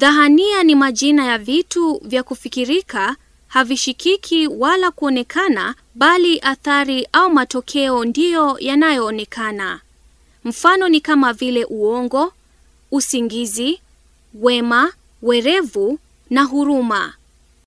Dhahania ni majina ya vitu vya kufikirika, havishikiki wala kuonekana, bali athari au matokeo ndiyo yanayoonekana. Mfano ni kama vile uongo, usingizi, wema, werevu na huruma.